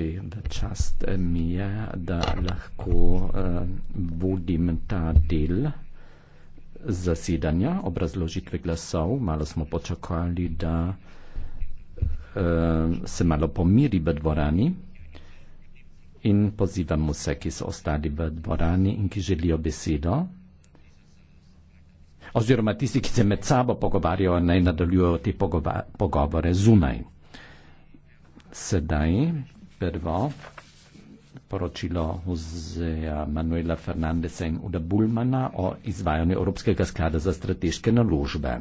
čuti, da čast mi je, da lahko uh, vodim ta del zasedanja, obrazložitve glasov. Malo smo počakali, da uh, se malo pomiri v dvorani in pozivam vse, ki so ostali v dvorani in ki želijo besedo. Oziroma tisti, ki se med sabo pogovarjajo, naj nadaljujejo te pogova pogovore zunaj. Sedaj prvo poročilo z Manuela Fernandesa in Uda Bulmana o izvajanju Evropskega sklada za strateške naložbe.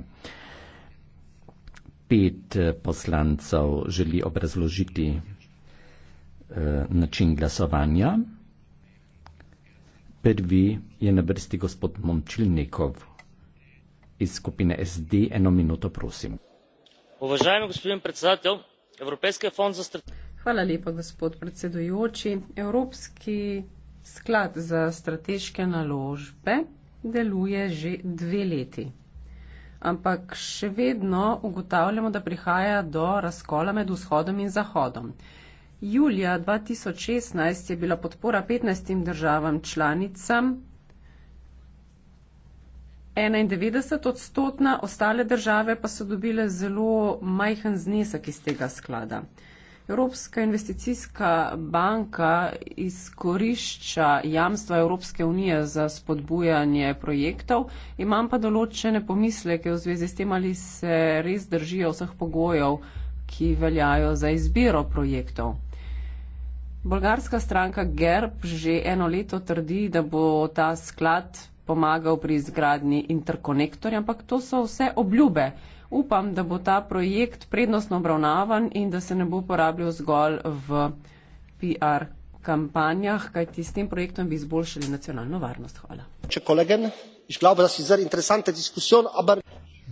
Pet eh, poslancev želi obrazložiti eh, način glasovanja. Prvi je na vrsti gospod Momčilnikov iz skupine SD. Eno minuto, prosim. Uvažajem gospodin predsedatelj, Evropski fond za strateške naložbe. Hvala lepa, gospod predsedujoči. Evropski sklad za strateške naložbe deluje že dve leti. Ampak še vedno ugotavljamo, da prihaja do razkola med vzhodom in zahodom. Julija 2016 je bila podpora 15 državam članicam 91 odstotna, ostale države pa so dobile zelo majhen znesek iz tega sklada. Uh, Evropska investicijska banka izkorišča jamstva Evropske unije za spodbujanje projektov. Imam pa določene pomisleke v zvezi s tem, ali se res držijo vseh pogojev, ki veljajo za izbiro projektov. Bolgarska stranka GERB že eno leto trdi, da bo ta sklad pomagal pri izgradnji interkonektorja, ampak to so vse obljube upam, da bo ta projekt prednostno obravnavan in da se ne bo porabljal zgolj v PR kampanjah, kajti s tem projektom bi izboljšali nacionalno varnost. Hvala.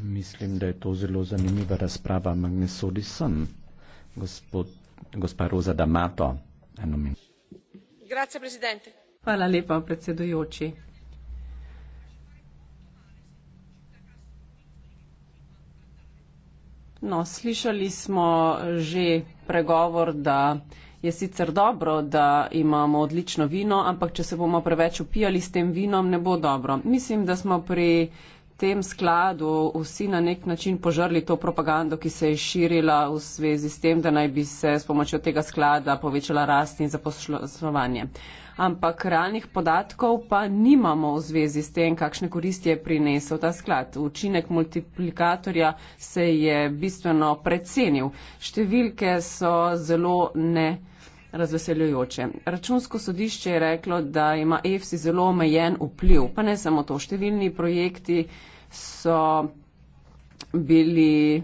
Mislim, da je to zelo zanimiva razprava, ampak ne sodi sem, gospod, gospa Roza D'Amato. Hvala lepa, predsedujoči. No, slišali smo že pregovor, da je sicer dobro, da imamo odlično vino, ampak če se bomo preveč upijali s tem vinom, ne bo dobro. Mislim, da smo pri tem skladu vsi na nek način požrli to propagando, ki se je širila v zvezi s tem, da naj bi se s pomočjo tega sklada povečala rast in zaposlovanje. Ampak realnih podatkov pa nimamo v zvezi s tem, kakšne koristi je prinesel ta sklad. Učinek multiplikatorja se je bistveno precenil. Številke so zelo ne razveseljujoče. Računsko sodišče je reklo, da ima EFSI zelo omejen vpliv, pa ne samo to. Številni projekti so bili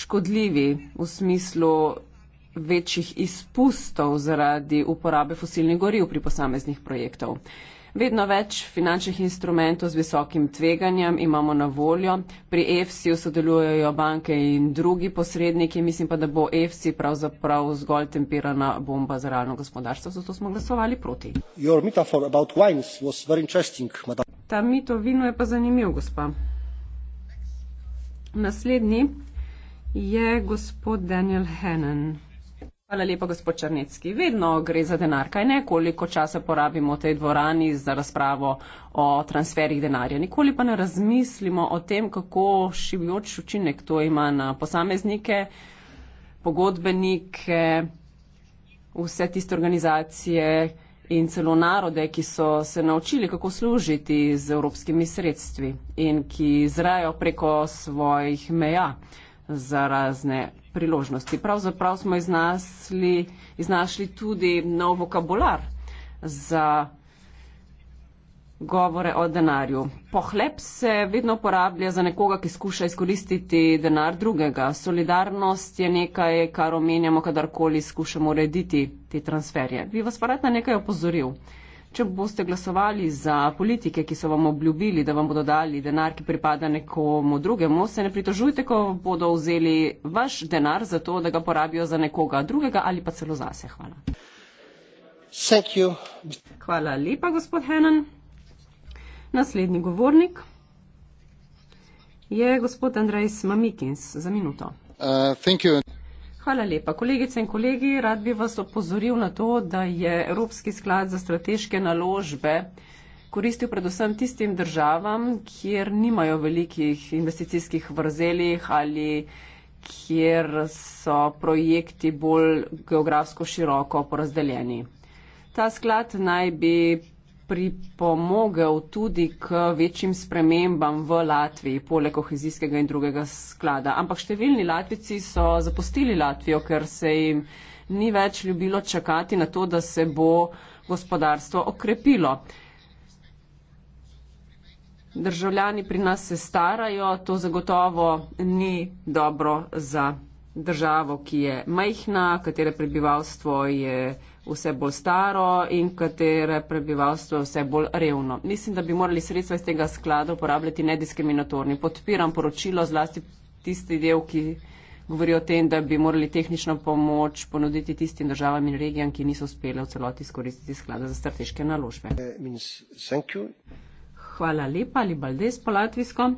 škodljivi v smislu večjih izpustov zaradi uporabe fosilnih goriv pri posameznih projektov. Vedno več finančnih instrumentov z visokim tveganjem imamo na voljo. Pri EFSI-ju sodelujejo banke in drugi posredniki. Mislim pa, da bo EFSI pravzaprav zgolj tempirana bomba za realno gospodarstvo. Zato smo glasovali proti. Ta mito vino je pa zanimiv, gospa. Naslednji je gospod Daniel Hennen. Hvala lepa, gospod Črnecki. Vedno gre za denar, kaj ne, koliko časa porabimo v tej dvorani za razpravo o transferih denarja. Nikoli pa ne razmislimo o tem, kako šibjoč učinek to ima na posameznike, pogodbenike, vse tiste organizacije in celo narode, ki so se naučili, kako služiti z evropskimi sredstvi in ki zrajo preko svojih meja za razne priložnosti. Pravzaprav smo iznasli, iznašli tudi nov vokabular za govore o denarju. Pohlep se vedno uporablja za nekoga, ki skuša izkoristiti denar drugega. Solidarnost je nekaj, kar omenjamo, kadarkoli skušamo urediti te transferje. Bi vas pa rad na nekaj opozoril. Če boste glasovali za politike, ki so vam obljubili, da vam bodo dali denar, ki pripada nekomu drugemu, se ne pritožujte, ko bodo vzeli vaš denar za to, da ga porabijo za nekoga drugega ali pa celo zase. Hvala. Hvala lepa, gospod Henan. Naslednji govornik je gospod Andrej Smamikins za minuto. Uh, Hvala lepa. Kolegice in kolegi, rad bi vas opozoril na to, da je Evropski sklad za strateške naložbe koristil predvsem tistim državam, kjer nimajo velikih investicijskih vrzelih ali kjer so projekti bolj geografsko široko porazdeljeni. Ta sklad naj bi pripomogel tudi k večjim spremembam v Latviji, poleg kohezijskega in drugega sklada. Ampak številni Latvici so zapustili Latvijo, ker se jim ni več ljubilo čakati na to, da se bo gospodarstvo okrepilo. Državljani pri nas se starajo, to zagotovo ni dobro za državo, ki je majhna, katere prebivalstvo je vse bolj staro in katere prebivalstvo vse bolj revno. Mislim, da bi morali sredstva iz tega sklada uporabljati nediskriminatorni. Podpiram poročilo zlasti tisti del, ki govori o tem, da bi morali tehnično pomoč ponuditi tistim državam in regijam, ki niso uspele v celoti izkoristiti sklada za strateške naložbe. Eh, Hvala lepa, Libaldes po Latvijsko.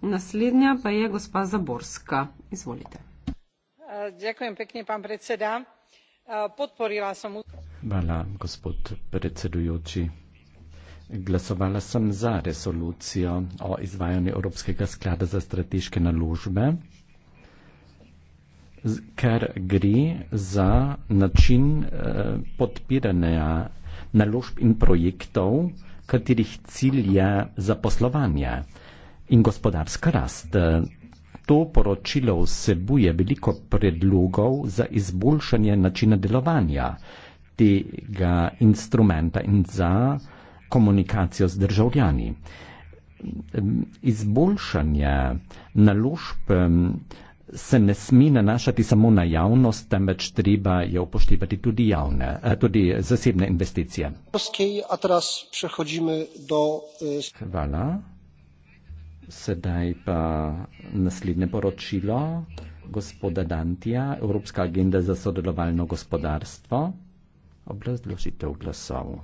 Naslednja pa je gospa Zaborska. Izvolite. Uh, eh, Dziękuję pięknie, pan predseda podporila sem. Hvala, gospod predsedujoči. Glasovala sem za resolucijo o izvajanju Evropskega sklada za strateške naložbe, ker gre za način eh, podpiranja naložb in projektov, katerih cilj je zaposlovanje in gospodarska rast to poročilo vsebuje veliko predlogov za izboljšanje načina delovanja tega instrumenta in za komunikacijo z državljani. Izboljšanje naložb se ne smi nanašati samo na javnost, temveč treba je upoštevati tudi, javne, eh, tudi zasebne investicije. E, Hvala. Sedaj pa naslednje poročilo gospoda Dantija, Evropska agenda za sodelovalno gospodarstvo. Oblast vložitev glasov.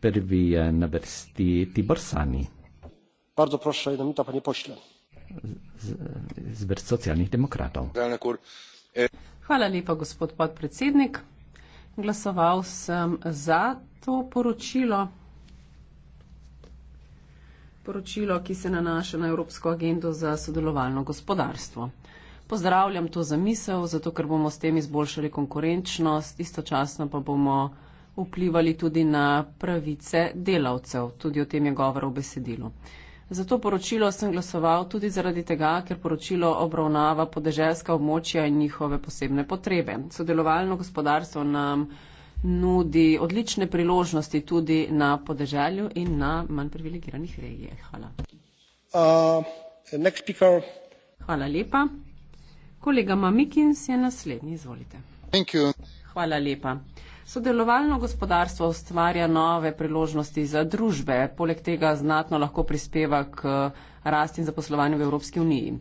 Prvi je na vrsti Tibor Sani. Bardzo proszę, jedna minuta, panie pośle. Z, z socjalnych demokratów. Hvala lepa, gospod podpredsednik. Glasoval sem za to poročilo poročilo, ki se nanaša na Evropsko agendo za sodelovalno gospodarstvo. Pozdravljam to zamisel, zato ker bomo s tem izboljšali konkurenčnost, istočasno pa bomo vplivali tudi na pravice delavcev, tudi o tem je govora v besedilu. Za to poročilo sem glasoval tudi zaradi tega, ker poročilo obravnava podeželska območja in njihove posebne potrebe. Sodelovalno gospodarstvo nam nudi odlične priložnosti tudi na podeželju in na manj privilegiranih regijah. Hvala. Uh, Hvala lepa. Kolega Mamikins je naslednji, izvolite. Hvala lepa. Sodelovalno gospodarstvo ustvarja nove priložnosti za družbe, poleg tega znatno lahko prispeva k rasti in zaposlovanju v Evropski uniji.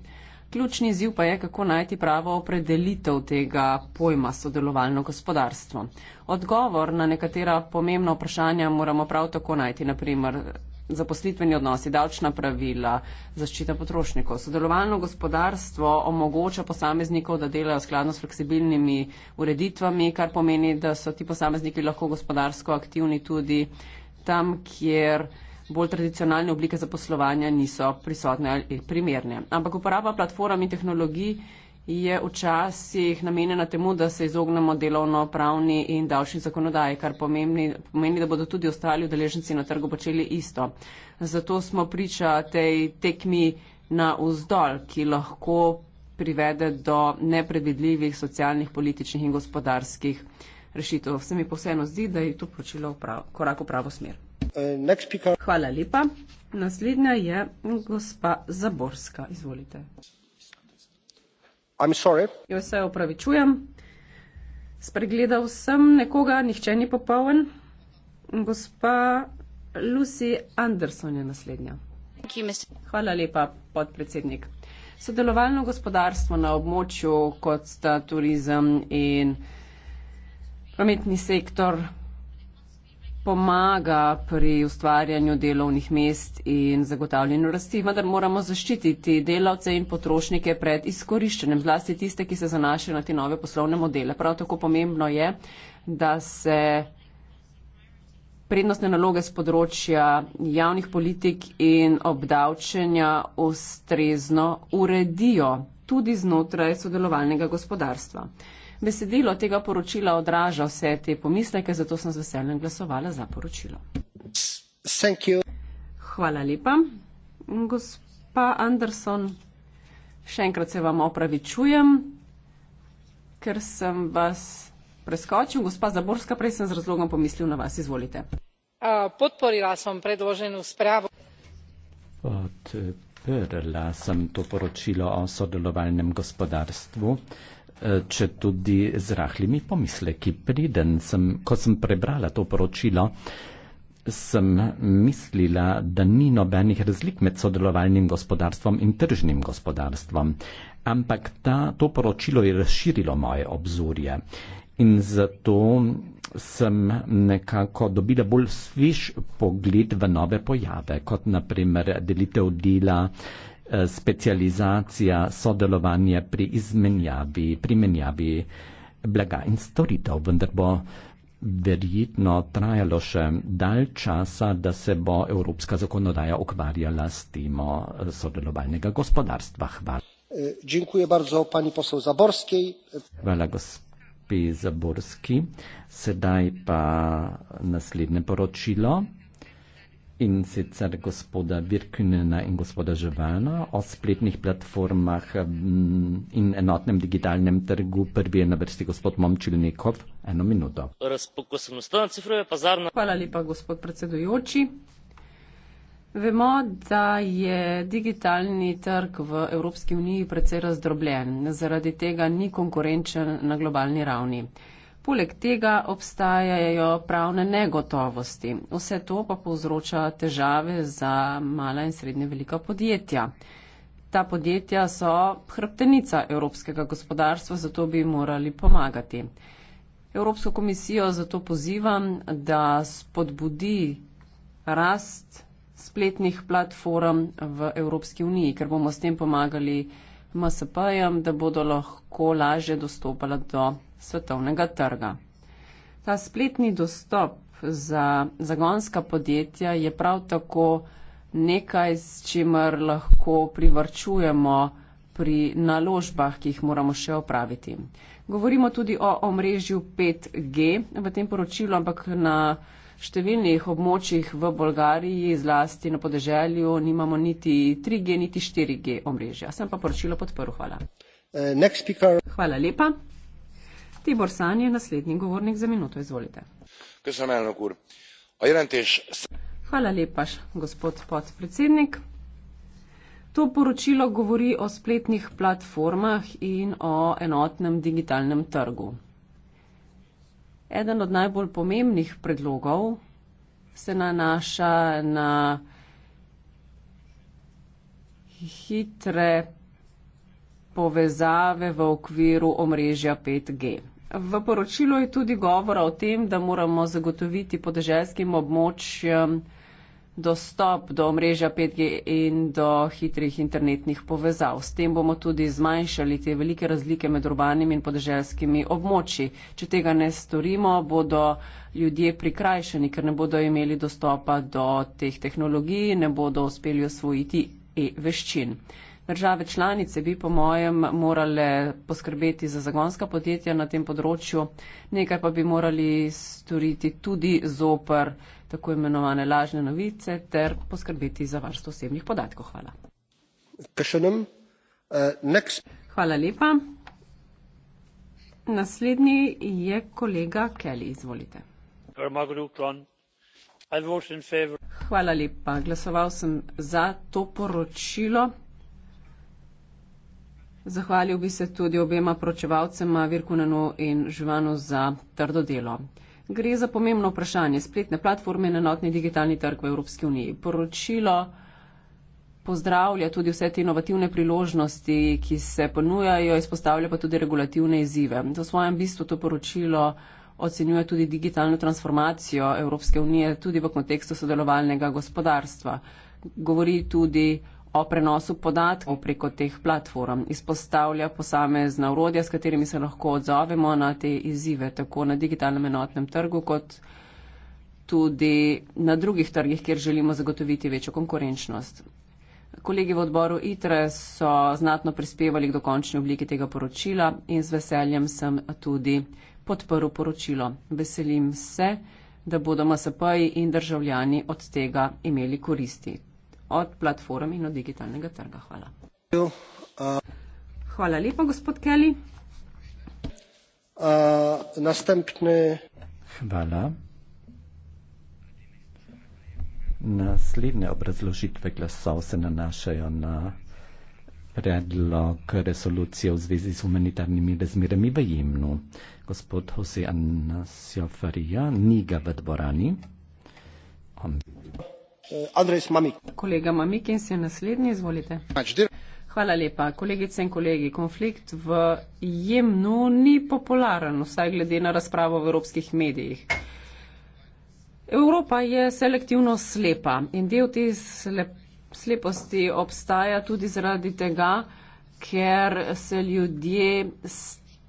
Ključni izziv pa je, kako najti pravo opredelitev tega pojma sodelovalno gospodarstvo. Odgovor na nekatera pomembna vprašanja moramo prav tako najti, naprimer zaposlitveni odnosi, davčna pravila, zaščita potrošnikov. Sodelovalno gospodarstvo omogoča posameznikov, da delajo skladno s fleksibilnimi ureditvami, kar pomeni, da so ti posamezniki lahko gospodarsko aktivni tudi tam, kjer bolj tradicionalne oblike zaposlovanja niso prisotne ali primerne. Ampak uporaba platform in tehnologij je včasih namenjena temu, da se izognemo delovno pravni in davčni zakonodaji, kar pomeni, pomeni, da bodo tudi ostali udeleženci na trgu počeli isto. Zato smo priča tej tekmi na vzdol, ki lahko privede do nepredvidljivih socialnih, političnih in gospodarskih rešitev. Se mi posebno zdi, da je to počelo korak v pravo smer. Hvala lepa. Naslednja je gospa Zaborska. Izvolite. Jaz se opravičujem. Spregledal sem nekoga, nihče ni popoln. Gospa Lucy Anderson je naslednja. Hvala lepa, podpredsednik. Sodelovalno gospodarstvo na območju, kot sta turizem in prometni sektor, pomaga pri ustvarjanju delovnih mest in zagotavljanju rasti, vendar moramo zaščititi delavce in potrošnike pred izkoriščenjem, zlasti tiste, ki se zanašajo na te nove poslovne modele. Prav tako pomembno je, da se prednostne naloge z področja javnih politik in obdavčenja ustrezno uredijo tudi znotraj sodelovalnega gospodarstva. Besedilo tega poročila odraža vse te pomisleke, zato sem z veseljem glasovala za poročilo. Hvala lepa. Gospa Anderson, še enkrat se vam opravičujem, ker sem vas preskočil. Gospa Zaborska, prej sem z razlogom pomislil na vas. Izvolite. Podporila sem predloženo spravo. Podprla sem to poročilo o sodelovalnem gospodarstvu. Eh, če tudi z rahlimi pomisleki priden. Sem, ko sem prebrala to poročilo, sem mislila, da ni nobenih razlik med sodelovalnim gospodarstvom in tržnim gospodarstvom. Ampak ta, to poročilo je razširilo moje obzorje in zato sem nekako dobila bolj svež pogled v nove pojave, kot naprimer delitev dela, Eh, specializacija sodelovanja pri izmenjavi, primenjavi blaga in storitev, vendar bo verjetno trajalo še dalj časa, da se bo evropska zakonodaja ukvarjala s temo eh, sodelovalnega gospodarstva. Hvala. E, dziękuję bardzo pani poseł Zaborskiej. Hvala gospi Zaborski. Sedaj pa naslednje poročilo in sicer gospoda Virkunena in gospoda Živana o spletnih platformah mm, in enotnem digitalnem trgu. Prvi je na vrsti gospod Momčilnikov. Eno minuto. Hvala lepa, gospod predsedujoči. Vemo, da je digitalni trg v Evropski uniji precej razdrobljen. Zaradi tega ni konkurenčen na globalni ravni. Poleg tega obstajajo pravne negotovosti. Vse to pa povzroča težave za mala in srednje velika podjetja. Ta podjetja so hrbtenica evropskega gospodarstva, zato bi morali pomagati. Evropsko komisijo zato pozivam, da spodbudi rast spletnih platform v Evropski uniji, ker bomo s tem pomagali MSP-jem, da bodo lahko lažje dostopala do svetovnega trga. Ta spletni dostop za zagonska podjetja je prav tako nekaj, s čimer lahko privrčujemo pri naložbah, ki jih moramo še opraviti. Govorimo tudi o omrežju 5G v tem poročilu, ampak na številnih območjih v Bolgariji, zlasti na podeželju, nimamo niti 3G, niti 4G omrežja. Sem pa poročilo podprl. Hvala. Uh, Hvala lepa. Tibor San je naslednji govornik za minuto. Izvolite. Hvala lepa, gospod podpredsednik. To poročilo govori o spletnih platformah in o enotnem digitalnem trgu. Eden od najbolj pomembnih predlogov se nanaša na hitre povezave v okviru omrežja 5G. V poročilu je tudi govora o tem, da moramo zagotoviti podeželskim območjem dostop do omrežja 5G in do hitrih internetnih povezav. S tem bomo tudi zmanjšali te velike razlike med urbanimi in podeželskimi območji. Če tega ne storimo, bodo ljudje prikrajšani, ker ne bodo imeli dostopa do teh tehnologij, ne bodo uspeli osvojiti e-veščin. Države članice bi po mojem morale poskrbeti za zagonska podjetja na tem področju, nekaj pa bi morali storiti tudi zoper tako imenovane lažne novice ter poskrbeti za varstvo osebnih podatkov. Hvala. Uh, Hvala lepa. Naslednji je kolega Kelly, izvolite. Hvala lepa. Glasoval sem za to poročilo. Zahvalil bi se tudi obema pročevalcema Virkunenu in Živanu za trdo delo. Gre za pomembno vprašanje spletne platforme na enotni digitalni trg v Evropski uniji. Poročilo pozdravlja tudi vse te inovativne priložnosti, ki se ponujajo, izpostavlja pa tudi regulativne izzive. V svojem bistvu to poročilo ocenjuje tudi digitalno transformacijo Evropske unije tudi v kontekstu sodelovalnega gospodarstva. Govori tudi o o prenosu podatkov preko teh platform? Izpostavlja posamezna urodja, s katerimi se lahko odzovemo na te izzive, tako na digitalnem enotnem trgu, kot tudi na drugih trgih, kjer želimo zagotoviti večjo konkurenčnost. Kolegi v odboru ITRE so znatno prispevali k dokončni obliki tega poročila in z veseljem sem tudi podprl poročilo. Veselim se, da bodo MSP-ji in državljani od tega imeli koristi od platform in od digitalnega trga. Hvala. Uh, Hvala lepa, gospod Kelly. Uh, Hvala. Naslednje obrazložitve glasov se nanašajo na predlog resolucije v zvezi z humanitarnimi razmerami v Jemnu. Gospod Jose Anasio Faria ni ga v dvorani. Pač Hvala lepa. Kolegice in kolegi, konflikt v Jemnu ni popularen, vsaj glede na razpravo v evropskih medijih. Evropa je selektivno slepa in del te slep sleposti obstaja tudi zaradi tega, ker se ljudje s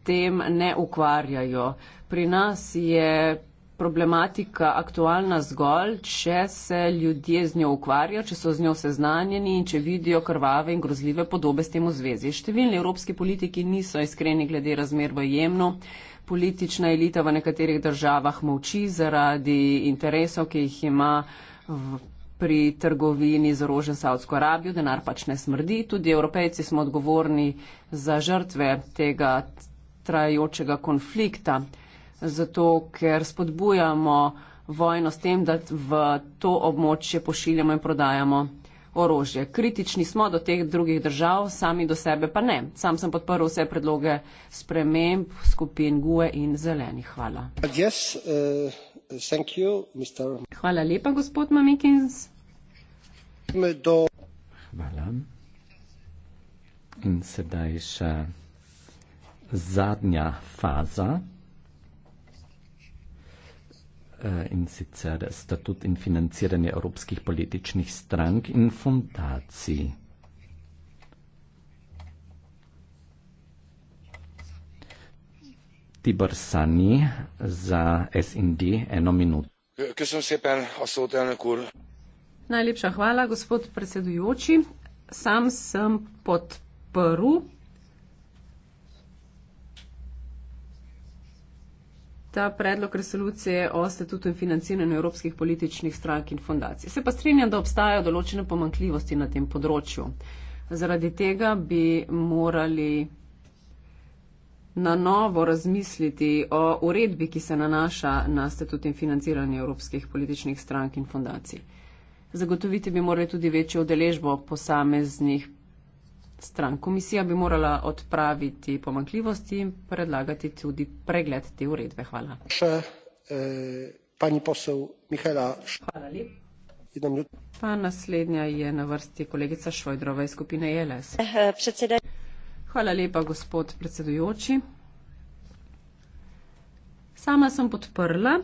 tem ne ukvarjajo. Pri nas je problematika aktualna zgolj, če se ljudje z njo ukvarjajo, če so z njo seznanjeni in če vidijo krvave in grozljive podobe s tem v zvezi. Številni evropski politiki niso iskreni glede razmer v jemnu. Politična elita v nekaterih državah moči zaradi interesov, ki jih ima v, pri trgovini z orožjem Saudsko Arabijo, denar pač ne smrdi. Tudi evropejci smo odgovorni za žrtve tega trajajočega konflikta zato ker spodbujamo vojno s tem, da v to območje pošiljamo in prodajamo orožje. Kritični smo do teh drugih držav, sami do sebe pa ne. Sam sem podprl vse predloge sprememb skupin GUE in zelenih. Hvala. Yes, uh, thank you, Mr. Hvala lepa, gospod Mamikins. Do... Hvala. In sedaj še zadnja faza. Eh, in sicer statut in financiranje evropskih političnih strank in fundacij. Tibor Sani za SND eno minuto. Najlepša hvala, gospod predsedujoči. Sam sem podprl ta predlog resolucije o statutu in financiranju evropskih političnih strank in fundacij. Se pa strinjam, da obstajajo določene pomankljivosti na tem področju. Zaradi tega bi morali na novo razmisliti o uredbi, ki se nanaša na statut in financiranje evropskih političnih strank in fundacij. Zagotoviti bi morali tudi večjo udeležbo posameznih stran. Komisija bi morala odpraviti pomankljivosti in predlagati tudi pregled te uredbe. Hvala. Še, eh, Pa naslednja je na vrsti kolegica Švojdrova iz skupine ELS. Eh, eh, Hvala lepa, gospod predsedujoči. Sama sem podprla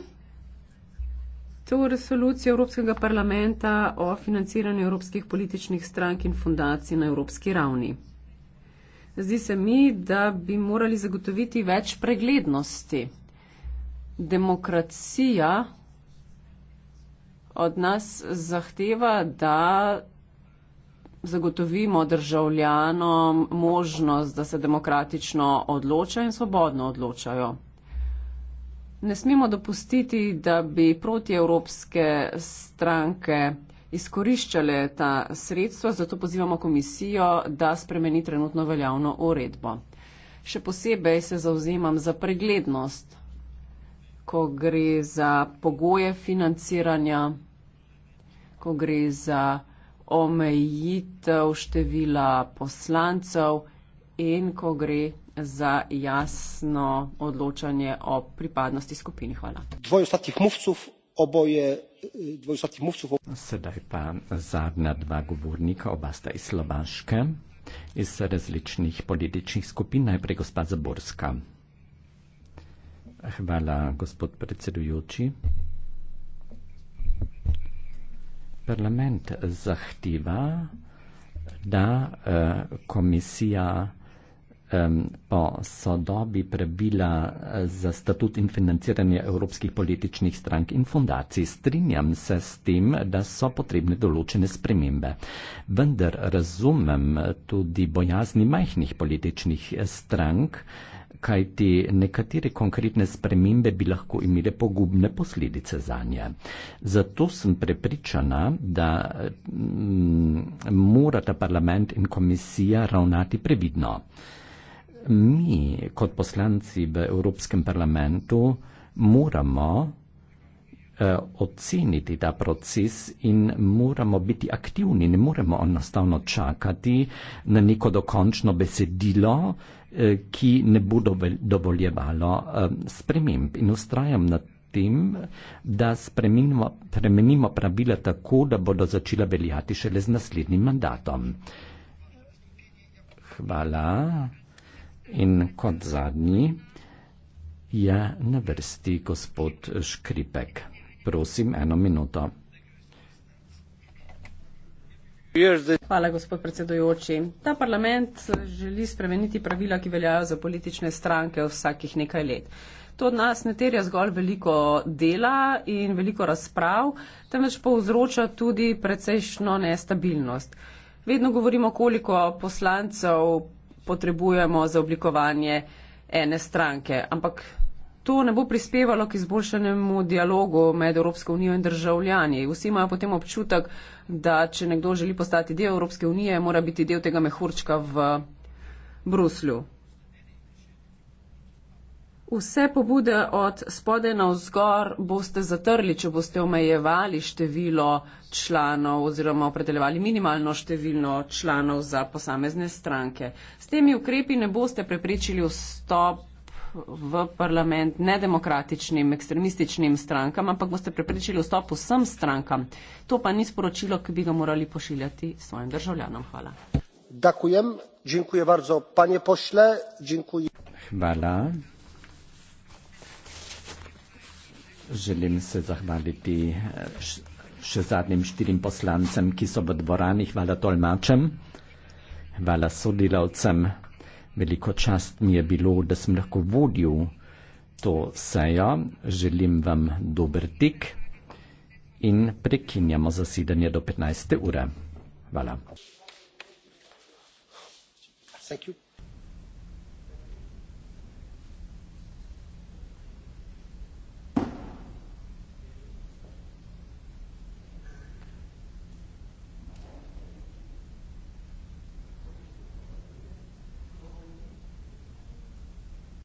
to resolucijo Evropskega parlamenta o financiranju evropskih političnih strank in fundacij na evropski ravni. Zdi se mi, da bi morali zagotoviti več preglednosti. Demokracija od nas zahteva, da zagotovimo državljanom možnost, da se demokratično odločajo in svobodno odločajo ne smemo dopustiti, da bi protievropske stranke izkoriščale ta sredstva, zato pozivamo komisijo, da spremeni trenutno veljavno uredbo. Še posebej se zauzemam za preglednost, ko gre za pogoje financiranja, ko gre za omejitev števila poslancev in ko gre za jasno odločanje o pripadnosti skupini. Hvala. Dvoje ostatih muvcov, oboje dvoje ostatih muvcov. Sedaj pa zadnja dva govornika, oba sta iz Slovaške, iz različnih političnih skupin, najprej gospod Zaborska. Hvala, gospod predsedujoči. Parlament zahteva, da eh, komisija po sodobi prebila eh, za statut in financiranje evropskih političnih strank in fundacij. Strinjam se s tem, da so potrebne določene spremembe. Vendar razumem tudi bojazni majhnih političnih eh, strank, kaj ti nekatere konkretne spremembe bi lahko imele pogubne posledice za nje. Zato sem prepričana, da mm, morata parlament in komisija ravnati previdno mi kot poslanci v Evropskem parlamentu moramo eh, oceniti ta proces in moramo biti aktivni, ne moremo enostavno čakati na neko dokončno besedilo, eh, ki ne bo dovoljevalo eh, sprememb. In ustrajam na tem, da spremenimo, spremenimo pravila tako, da bodo začela veljati šele z naslednjim mandatom. Hvala. In kot zadnji je na vrsti gospod Škripek. Prosim, eno minuto. Hvala, gospod predsedujoči. Ta parlament želi spremeniti pravila, ki veljajo za politične stranke vsakih nekaj let. To od nas ne terja zgolj veliko dela in veliko razprav, temveč povzroča tudi precejšno nestabilnost. Vedno govorimo, koliko poslancev potrebujemo za oblikovanje ene stranke. Ampak to ne bo prispevalo k izboljšanemu dialogu med Evropsko unijo in državljani. Vsi imajo potem občutek, da če nekdo želi postati del Evropske unije, mora biti del tega mehurčka v Bruslju. Vse pobude od spodaj na vzgor boste zatrli, če boste omejevali število članov oziroma opredeljevali minimalno število članov za posamezne stranke. S temi ukrepi ne boste preprečili vstop v parlament nedemokratičnim, ekstremističnim strankam, ampak boste preprečili vstop vsem strankam. To pa ni sporočilo, ki bi ga morali pošiljati svojim državljanom. Hvala. Dakujem. Dziękuję bardzo, panie pośle. Dziękuję. Hvala. Želim se zahvaliti eh, še zadnjim štirim poslancem, ki so v dvorani. Hvala tolmačem, hvala sodelavcem. Veliko čast mi je bilo, da sem lahko vodil to sejo. Želim vam dober tik in prekinjamo zasedanje do 15. ure. Hvala. Thank you.